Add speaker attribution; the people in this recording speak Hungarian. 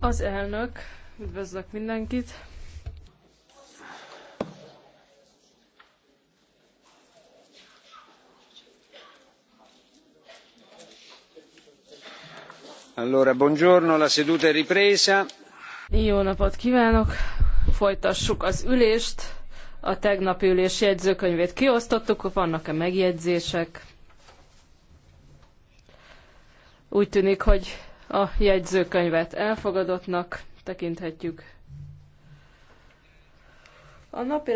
Speaker 1: Az elnök, üdvözlök mindenkit.
Speaker 2: Allora, buongiorno, la seduta è ripresa.
Speaker 3: Jó napot kívánok! Folytassuk az ülést. A tegnapi ülés jegyzőkönyvét kiosztottuk, vannak-e megjegyzések? Úgy tűnik, hogy a jegyzőkönyvet elfogadottnak tekinthetjük. A napi